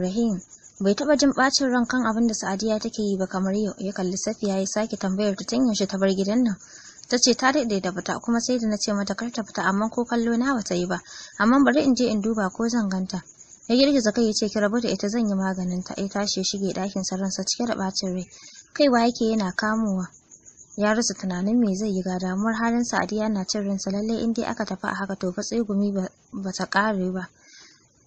Rahim bai taba jin bacin ran kan abin da Sa'adiya take yi ba kamar yau ya kalli Safiya ya sake tambayar ta tun yaushe ta bar gidan nan ta ce ta dade da bata kuma sai da na ce mata kar ta fita amma ko kallo na bata yi ba amma bari in je in duba ko zan ganta ya girgiza kai ya ce ki rabu da ita zan yi maganin ta Ai tashi ya shige ɗakin ransa cike da bacin rai kaiwa yake yana kamowa ya rasa tunanin me zai yi ga damuwar halin Sa'adiya na cin ransa lallai in dai aka tafi a haka to fa tsegumi ba ta ƙare ba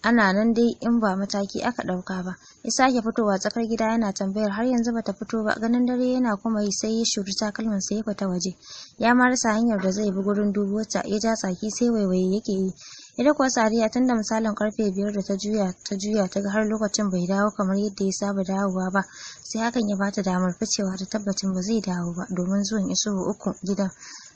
ana nan dai in ba mataki aka ɗauka ba ya sake fitowa tsakar gida yana tambayar har yanzu bata fito ba ganin dare yana kuma yi sai ya shuri takalman sa ya fita waje ya ma rasa hanyar da zai bi gurin dubuwarta ya ja tsaki sai waiwaye yake yi ita kuwa sariya tun da misalin karfe biyar da ta juya ta juya ta ga har lokacin bai dawo kamar yadda ya saba dawowa ba sai hakan ya bata damar ficewa da tabbacin ba zai dawo ba domin zuwan isowa uku gidan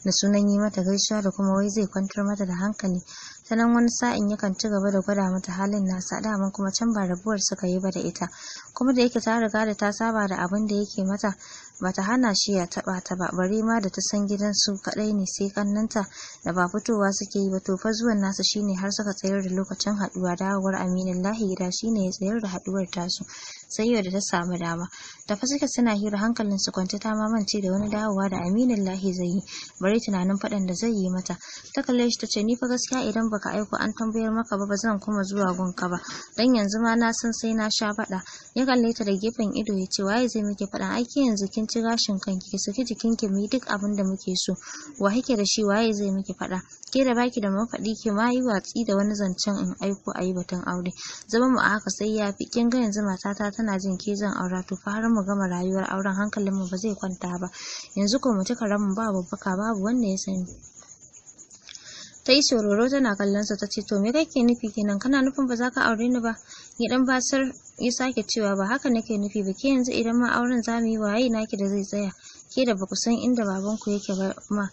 da sunan yi mata gaisuwa da kuma wai zai kwantar mata da hankali sannan wani sa'in yakan ci gaba da gwada mata halin nasa daman kuma can ba rabuwar suka yi ba da ita kuma da yake ta riga da ta saba da abin da yake mata ba ta hana shi ya taba ta ba bari ma da ta san gidan su kadai ne sai kannanta da ba fitowa suke yi ba to fa zuwan nasa shine har suka tsayar da lokacin haduwa dawowar Aminin Lahi gida shine ya tsayar da haduwar tasu sai yau da ta samu dama da fa suka suna hira hankalin su kwance ta mamance da wani dawowa da Aminin Lahi zai yi bari tunanin fadan da zai yi mata ta kalle shi ce ni fa gaskiya idan baka aiko an tambayar maka ba ba zan kuma zuwa gunka ba dan yanzu ma na san sai na sha faɗa ya kalle ta da gefen ido ya ce waye zai miki faɗa aiki yanzu kin ci gashin kanki ki saki jikin mu duk abin da muke so wa kike da shi waye zai miki faɗa ke da baki da mafaɗi ki ma yi watsi da wani zancen in aiko a yi batun aure zama mu a haka sai ya fi kin ga yanzu matata tana jin ke zan aura to fa har mu gama rayuwar auren hankalinmu ba zai kwanta ba yanzu ko mu ci karamin ba babbaka babu wanda ya sani ta yi sororo tana kallon sa ta ce to me kake nufi kenan kana nufin ba za ka aure ni ba ya dan basar ya sake cewa ba haka nake nufi ba ke yanzu idan ma auren za mu yi wa waye naki da zai tsaya ke da ba ku san inda babanku yake ba ma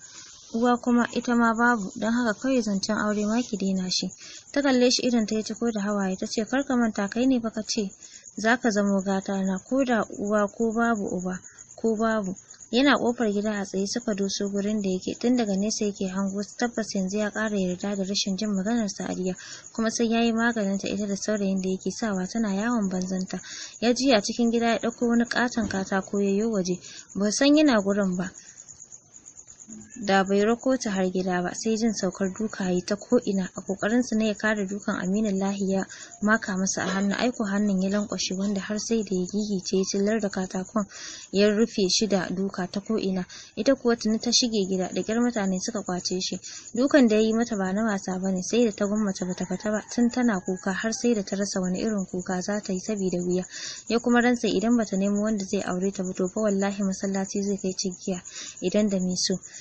uwa kuma ita ma babu don haka kawai zancen aure ma ki daina shi ta kalle shi irin ta ya ciko da hawaye ta ce kar ka manta kai ne baka ce za ka zamo gata na ko da uwa ko babu uba ko babu yana kofar gida a tsaye suka doso gurin da yake tun daga nesa yake hango su tabbas yanzu ya ƙara yarda da rashin jin maganar sa'adiya kuma sai yayi maganin ta ita da saurayin da yake sawa tana yawon banzanta ya ji a cikin gida ya ɗauko wani katon katako ya yo waje ba san yana gurin ba da bai rako ta har gida ba sai jin saukar duka yayi ta ko'ina a kokarin sa ne ya kare dukan Aminin lahiya maka masa a hannu aiko hannun ya lankwashe wanda har sai da ya gigice ya cillar da katakon ya rufe shi da duka ta ko'ina ita kuwa tuni ta shige gida da kyar mutane suka kwace shi dukan da ya yi mata ba na wasa ba ne sai da ta gwammace bata fita ba tun tana kuka har sai da ta rasa wani irin kuka za ta yi saboda wuya ya kuma rantsa idan bata nemo wanda zai aure ta ba to fa wallahi masallaci zai kai cikiya idan da me so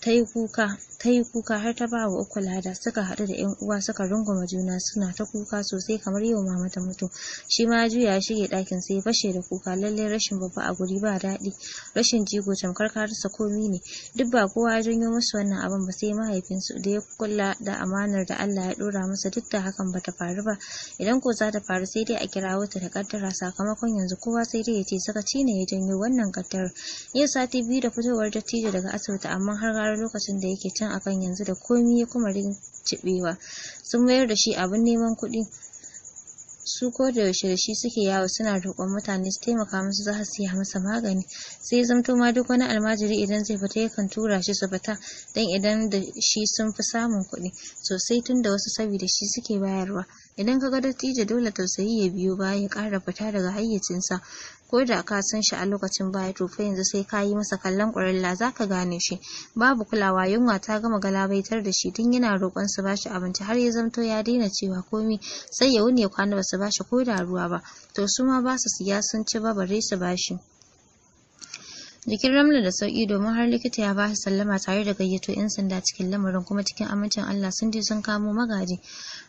ta yi kuka ta yi kuka har ta ba wa uku lada suka haɗu da yan uwa suka runguma juna suna ta kuka sosai kamar yau mama ta mutu shi ma juya ya shige ɗakin sai ya fashe da kuka lallai rashin babba a guri ba daɗi rashin jigo tamkar ka rasa komi ne duk ba kowa ya janyo musu wannan abin ba sai mahaifinsu da ya kulla da amanar da Allah ya ɗora masa duk da hakan ba ta faru ba idan ko za ta faru sai dai a kirawo ta da kaddara sakamakon yanzu kowa sai dai ya ce sakaci ne ya janyo wannan kaddara yau sati biyu da fitowar dattijo daga asibiti amma har gara. har lokacin da yake can akan yanzu da komi ya kuma rincibewa sun mayar da shi abin neman kuɗi su ko da yaushe da shi suke yawo suna roƙon mutane su taimaka musu za su siya masa magani sai zamto ma duk wani almajiri idan zai fita yakan tura shi su fita dan idan da shi sun fi samun kuɗi sosai tun da wasu saboda shi suke bayarwa idan ka ga dattijo dole tausayi ya biyo baya ya ƙara fita daga hayyacinsa ko da ka san shi a lokacin baya to fa yanzu sai ka yi masa kallon ƙwarilla za ka gane shi babu kulawa yunwa ta gama galabaitar da shi tun yana roƙon su bashi abinci har ya zamto ya daina cewa komi sai ya wuni ya kwana ba su bashi ko da ruwa ba to su ma ba su siya sun ci ba bare su bashi Jikin Ramla da sauki domin har likita ya bashi sallama tare da gayyato 'yan sanda cikin lamarin kuma cikin amincin Allah sun je sun kamo magaji.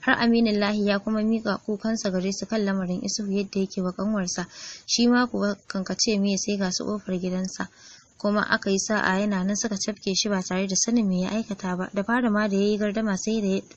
Har aminin lahi ya kuma mika kukansa gare su kan lamarin Isuhu yadda yake wa kanwarsa, shi ma kuwa kankace me sai ga su kofar gidansa. kuma aka yi sa'a yana nan suka cafke shi ba tare da sanin me ya aikata ba da fara ma da yayi gardama sai da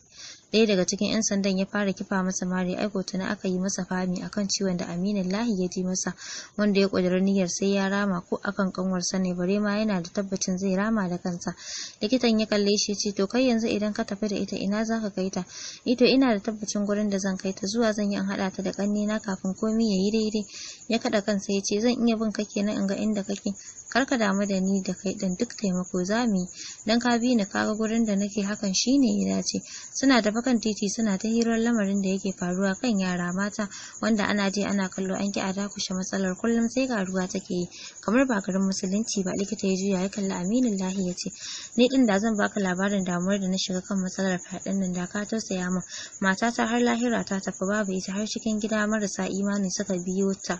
ɗaya daga cikin 'yan sandan ya fara kifa masa mari aiko na aka yi masa fami akan ciwon da aminin lahi ya ji masa wanda ya ƙudiri niyyar sai ya rama ko akan kanwarsa ne bare ma yana da tabbacin zai rama da kansa likitan ya kalle shi ce to kai yanzu idan ka tafi da ita ina zaka kai ta ito eh ina da tabbacin gurin da zan kai ta zuwa zan yi an haɗa ta da ƙannena kafin komi ya yi daidai ya kaɗa kansa ya ce zan iya bin ka kenan in ga inda kake kar ka damu da ni da kai din duk taimako za mu yi dan ka bi ni kaga gurin da nake hakan shine ya dace suna da kan titi suna ta hirar lamarin da yake faruwa kan yara mata wanda ana je ana kallo an ki a dakushe matsalar kullum sai ga ruwa take yi kamar ba garin musulunci ba likita ya juya ya kalli aminin lahi ya ce ni din da zan baka labarin damuwar da na shiga kan matsalar fadin nan da ka tausaya min matata har lahira ta tafi babu ita har cikin gida marasa imani suka biyo ta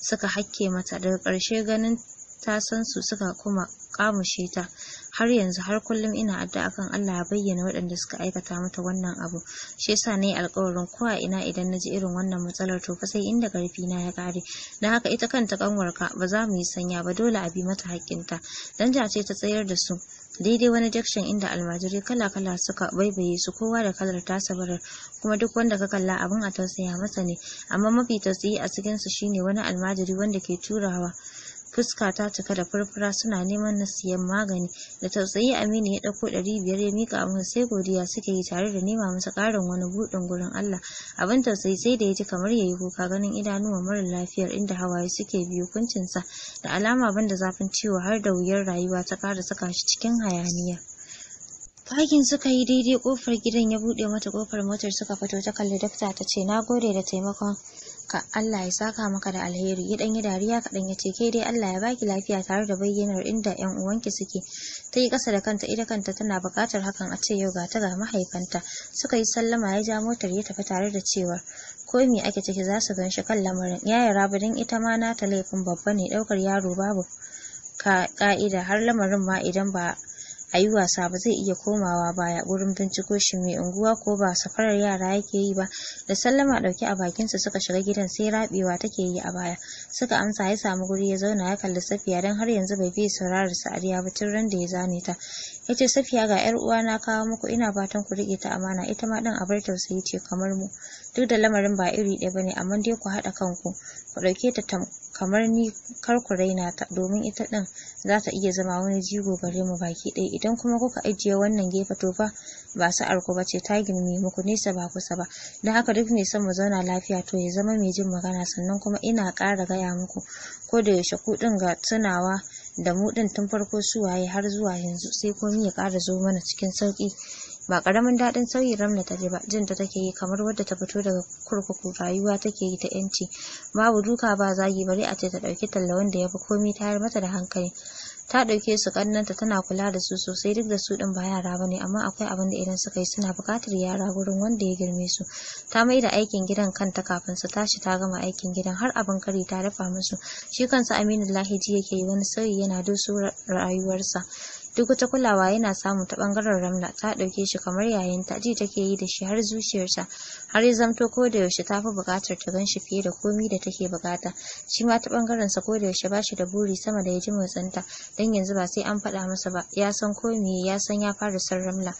suka hakke mata daga ƙarshe ganin ta san su suka kuma kamushe ta har yanzu har kullum ina addu'a kan Allah ya bayyana waɗanda suka aikata mata wannan abu shi yasa nayi alƙawarin ko a ina idan naji irin wannan matsalar to fa sai inda garfi na ya kare dan haka ita kanta kanwarka ba za mu yi sanya ba dole a bi mata haƙƙinta dan ce ta tsayar da su daidai wani jakshan inda almajiri kala-kala suka baibaye su kowa da kalar tasa barar kuma duk wanda ka kalla abin a tausaya masa ne amma mafi tausayi a cikinsu shine wani almajiri wanda ke turawa fuska ta cika da furfura suna neman na siyan magani da tausayi aminu ya ɗauko ɗari biyar ya mika masa sai godiya suke yi tare da nema masa karin wani buɗin gurin allah abin tausayi sai da ya ji kamar ya yi kuka ganin idanuwan mara lafiyar inda hawaye suke biyu kuncinsa da alama banda zafin ciwo har da wuyar rayuwa ta kara saka shi cikin hayaniya. Fakin suka yi daidai kofar gidan ya buɗe mata kofar motar suka fito ta kalli dakta ta ce na gode da taimakon ka Allah ya saka maka da alheri ya dan dariya kaɗan ya ce kai dai Allah ya baki lafiya tare da bayyanar inda yan uwanki suke ta yi ƙasa da kanta ita kanta tana buƙatar hakan a ce yau ga ta ga mahaifanta suka yi sallama ya ja motar ya tafi tare da cewa ko me ake ciki za su gan kan lamarin yaya rabu don ita ma nata laifin babba ne ɗaukar yaro babu ka ka'ida har lamarin ma idan ba a yi wasa ba zai iya komawa baya gurin binciko shi mai unguwa ko ba safarar yara yake yi ba da sallama ɗauki a bakinsa suka shiga gidan sai rabewa take yi a baya suka amsa ya samu guri ya zauna ya kalli safiya don har yanzu bai fiye saurarar sa'adiya ba tun ran da ya zane ta ya ce safiya ga yar uwa na kawo muku ina fatan ku rike ta amana ita ma dan abar tausayi ce kamar mu duk da lamarin ba iri ɗaya ba ne amma dai ku haɗa kanku ku ɗauke ta kamar ni kar ku raina ta domin ita ɗin za ta iya zama wani jigo gare mu baki ɗaya idan kuma kuka ajiye wannan gefe to fa ba sa'ar ku ce ta girme muku nesa ba kusa ba don haka duk mai son mu zauna lafiya to ya zama mai jin magana sannan kuma ina ƙara gaya muku ko da yaushe ku ɗin ga tunawa da mu din tun farko su waye har zuwa yanzu sai komai ya ƙara zo mana cikin sauki ba ƙaramin daɗin sauyi ramna ta ji ba jin ta take yi kamar wadda ta fito daga kurkuku rayuwa take yi ta yanci babu duka ba zagi bare a ce ta ɗauki talla wanda ya fi komai tayar mata da hankali ta ɗauke su ƙannanta tana kula da su sosai duk da su ɗin ba yara bane amma akwai abin da idan suka yi suna buƙatar yara gurin wanda ya girme su ta mai da aikin gidan kanta kafin su tashi ta gama aikin gidan har abin kari ta dafa musu shi kansa Aminu Lahiji yake yi wani sauyi yana doso rayuwarsa Duk wata kulawa yana samu ta bangaren Ramla ta dauke shi kamar yayinta, ji take yi da shi har zuciyarsa har ya zamto ko da yaushe ta fi bukatar ta gan shi fiye da komi da take bukata. Shi ma ta bangaren sa ko da yaushe ba shi da buri sama da ya ji motsinta dan yanzu ba sai an faɗa masa ba ya san ko me ya san ya fara san Ramla.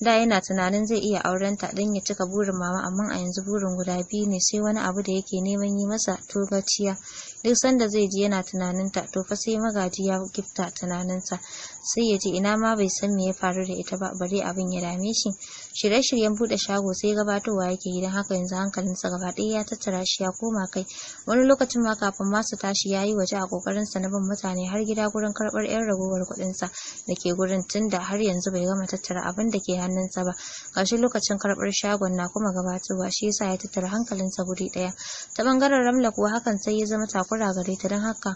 da yana tunanin zai iya aurenta dan ya cika burin mama amma a yanzu burin guda biyu ne sai wani abu da yake neman yi masa togaciya duk sanda zai ji yana tunaninta to fa sai magaji ya gifta tunaninsa sai ya ji ina ma bai san me ya faru da ita ba bare abin ya dame shi shirye-shiryen bude shago sai gabatowa yake gidan haka yanzu hankalinsa gaba ɗaya ya tattara shi ya koma kai wani lokacin ma kafin ma su tashi ya yi waje a kokarinsa na bin mutane har gida gurin karɓar 'yan ragowar kuɗinsa da ke gurin tunda har yanzu bai gama tattara abin da ke hannunsa ba gashi lokacin karɓar shagon na kuma gabatowa shi yasa ya tattara hankalinsa guri ɗaya ta bangaren ramla kuwa hakan sai ya zama takwa takura gare ta don haka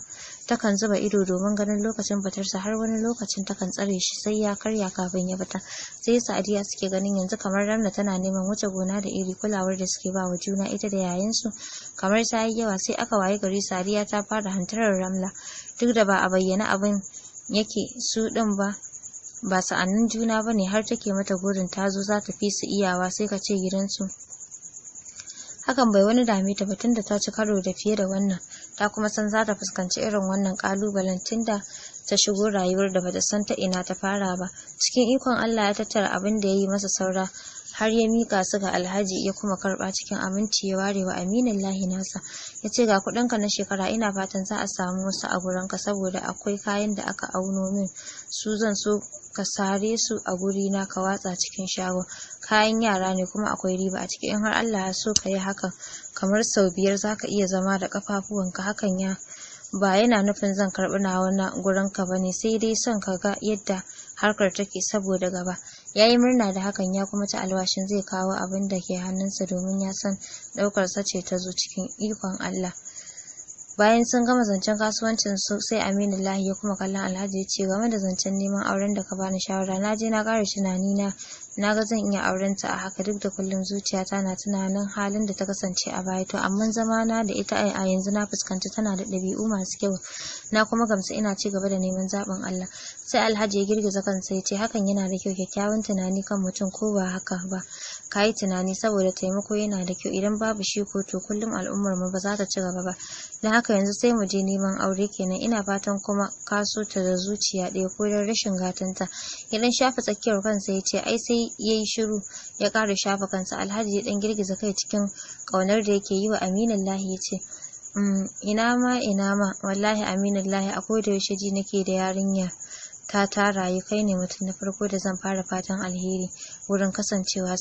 takan zuba ido domin ganin lokacin fitarsa har wani lokacin takan tsare shi sai ya karya kafin ya fita sai sa'adiya suke ganin yanzu kamar ramna tana neman wuce gona da iri kulawar da suke ba wa juna ita da yayansu kamar ta yi yawa sai aka waye gari sa'adiya ta fara hantarar ramla duk da ba a bayyana abin yake su din ba ba sa'annin juna ba ne har take mata gurin ta zo za ta fi su iyawa sai ka ce gidansu hakan bai wani dame ta ba tunda ta ci karo da fiye da wannan ta kuma san za ta fuskanci irin wannan kalubalen tunda ta shigo rayuwar da bata san ta ina ta fara ba cikin ikon Allah ya tattara abin da ya yi masa saura har ya mika su ga alhaji ya kuma karba cikin aminci ya ware wa aminin lahi nasa ya ce ga ka na shekara ina fatan za a samu wasu a gurinka saboda akwai kayan da aka auno min su zan so ka sare su a guri na ka watsa cikin shago kayan yara ne kuma akwai riba a ciki in har Allah ya so ka yi hakan kamar sau biyar zaka iya zama da kafafuwanka hakan ya ba yana nufin zan karbi nawa na gurinka bane sai dai son ka ga yadda harkar take saboda gaba Ya yi murna da hakan ya kuma ci alwashin zai kawo abin da ke hannunsa domin ya san ɗaukarsa ce ta zo cikin ikon Allah. Bayan sun gama zancen kasuwancin su sai Aminu Lahi ya kuma kallon Alhaji ya ce game da zancen neman auren da ka bani shawara na je na ƙara tunani na Na ga zan iya aurenta a haka, duk da kullum zuciyata na tunanin halin da ta kasance a baya. To amma na da ita a yanzu na fuskanci tana da dabi'u masu kyau, na kuma gamsu ina ci gaba da neman zabin Allah. Sai Alhaji ya girgiza kansa ya ce hakan yana da kyau kyakkyawan tunani kan mutum ko ba haka ba. Ka tunani saboda taimako yana da kyau idan babu shi ko to kullum al'ummar mu ba za ta ci gaba ba. Don haka yanzu sai mu je neman aure kenan ina fatan kuma kaso ta da zuciya ɗaya ko don rashin gatanta. idan shafa tsakiyar kansa ya ce ai sai yayi yi shiru ya ƙara shafa kansa alhaji ya dan girgiza kai cikin ƙaunar da yake yi wa aminin lahi ya ce mm, ina ma ina ma wallahi aminin lahi a koda yaushe ji nake da yarinya ta tara yi kai ne mutum na farko da zan fara fatan alheri wurin kasancewa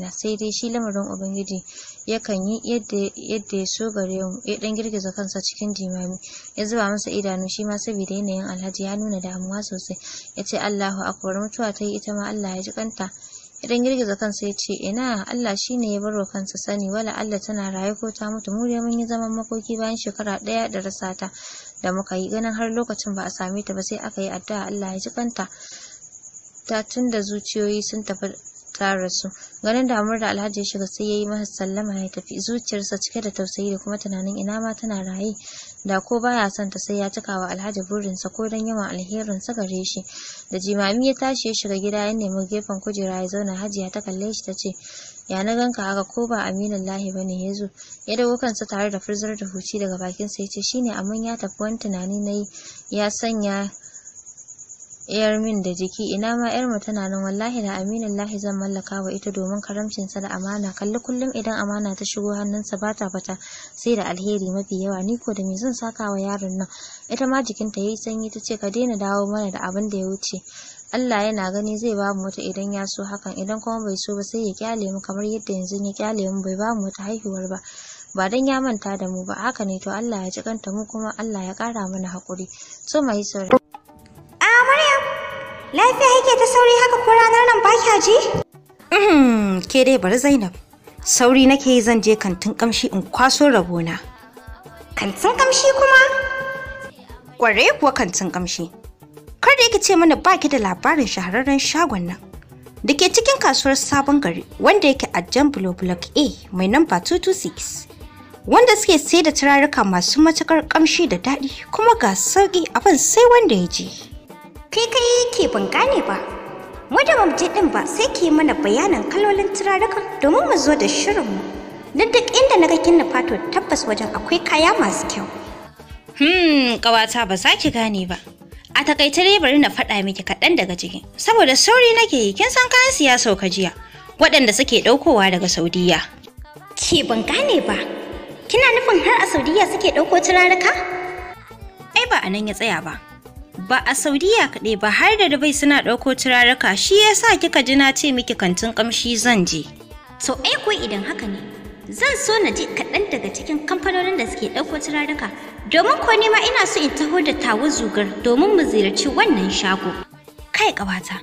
na sai dai shi lamarin ubangiji yakan yi yadda ya so gare mu ya dan girgiza kansa cikin jimami ya zuba masa idanu shi ma saboda yanayin alhaji ya nuna damuwa sosai ya ce allahu akwai mutuwa ta yi ita ma allah ya ji kanta idan girgiza kansa ya ce ina Allah shine ya baro kansa sani wala Allah tana raye ko ta mutu mu mun yi zaman makoki bayan shekara ɗaya da rasa ta da muka yi ganin har lokacin ba a same ta ba sai aka yi addu'a Allah ya ji kanta ta tun zuciyoyi sun tafi ta rasu ganin damar da alhaji ya shiga sai yayi yi masa sallama ya tafi zuciyarsa cike da tausayi da kuma tunanin ina ma tana raye da ko baya son ta sai ya cika wa Alhaji sa ko dan yawan alherin sa gare shi da jimami ya tashi ya shiga gida ya neman gefen kujera ya zauna Hajiya ta kalle shi ta ce ya na ganka haka ko ba aminin lahi bane ya zo ya dawo kansa tare da furzar da huci daga bakin sa ya ce shine amma ya tafi wani tunani na yi ya sanya yar min da jiki ina ma mu tana nan wallahi da aminin lahi zan mallaka wa ita domin karamcinsa da amana kalli kullum idan amana ta shigo hannunsa ba ta fata sai da alheri mafi yawa ni ko da me zan saka wa yaron nan ita ma jikinta yayi sanyi ta ce ka daina dawo mana da abin da ya wuce Allah yana gani zai ba mu wata idan ya so hakan idan kuma bai so ba sai ya kyale mu kamar yadda yanzu ya kyale mu bai ba mu wata haihuwar ba ba dan ya manta da mu ba haka ne to Allah ya ji kanta mu kuma Allah ya kara mana hakuri so mai sauraro Lafiya yake ta sauri haka ko ranar nan ba kya ji? Mm, ke dai bari Zainab. Sauri nake yi zan je kantin kamshi in kwaso rabona. Kantin kamshi kuma? Kware kuwa kantin kamshi. Kar da yake ce mana ki da labarin shahararren shagon nan. Da ke cikin kasuwar sabon gari wanda yake a Jan Block A mai namba 226. Wanda suke sai da turaruka masu matukar kamshi da daɗi kuma ga sauƙi abin sai wanda ya je. kai kai ke ban gane ba mu mamji din ba sai ke mana bayanan kalolin turarukan domin mu zo da shirinmu na duk inda na ga kinna fato tabbas wajen akwai kaya masu kyau hmm kawata ba za gane ba a takaice dai bari na faɗa miki kaɗan daga cikin saboda sauri nake yi kin san kayan siya sauka jiya waɗanda suke ɗaukowa daga saudiya ke ban gane ba kina nufin har a saudiya suke ɗauko turaruka ai ba a nan ya tsaya ba ba a Saudiya kaɗai ba har da Dubai suna ɗauko turaruka shi ya sa kika ji na ce miki kantin ƙamshi zan je. To ai ko idan haka ne zan so na je kaɗan daga cikin kamfanonin da suke ɗauko turaruka domin ko nema ina so in taho da tawo zugar domin mu ziyarci wannan shago. Kai ƙawata,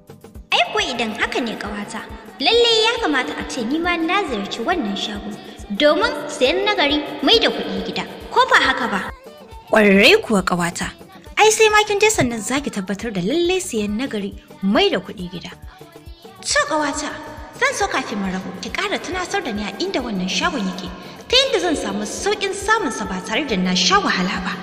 idan haka ne kawata lalle ya kamata a ce nima na ziyarci wannan shago domin sayan nagari mai da kuɗi gida ko ba haka ba ƙwararre kuwa ƙawata ai sai ma kin je sannan zaki tabbatar da lalle sayan nagari mai da kuɗi gida to ƙawata zan so kafin mu rabu ki ƙara tunasar da ni a inda wannan shagon yake ta yadda zan samu sauƙin samunsa ba tare da na sha wahala ba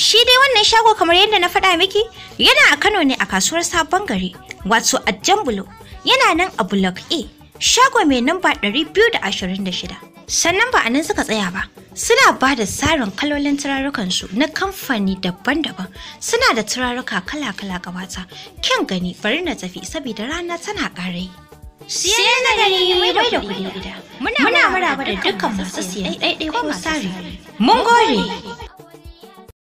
Shi dai wannan shago kamar yadda na faɗa miki yana a Kano ne a kasuwar sabon gari wato a Jambulo yana nan a Block A shago mai namba 226. Sannan ba a nan suka tsaya ba, suna ba da tsarin kalolin turarukansu na kamfani daban-daban suna da turaruka kala-kala gabata kyan gani bari na tafi saboda rana tana ƙarai. Siyan da gari mai bai da kuɗi gida. Muna muraba da dukkan masu siyan ɗaiɗai ko tsari. Mun gore!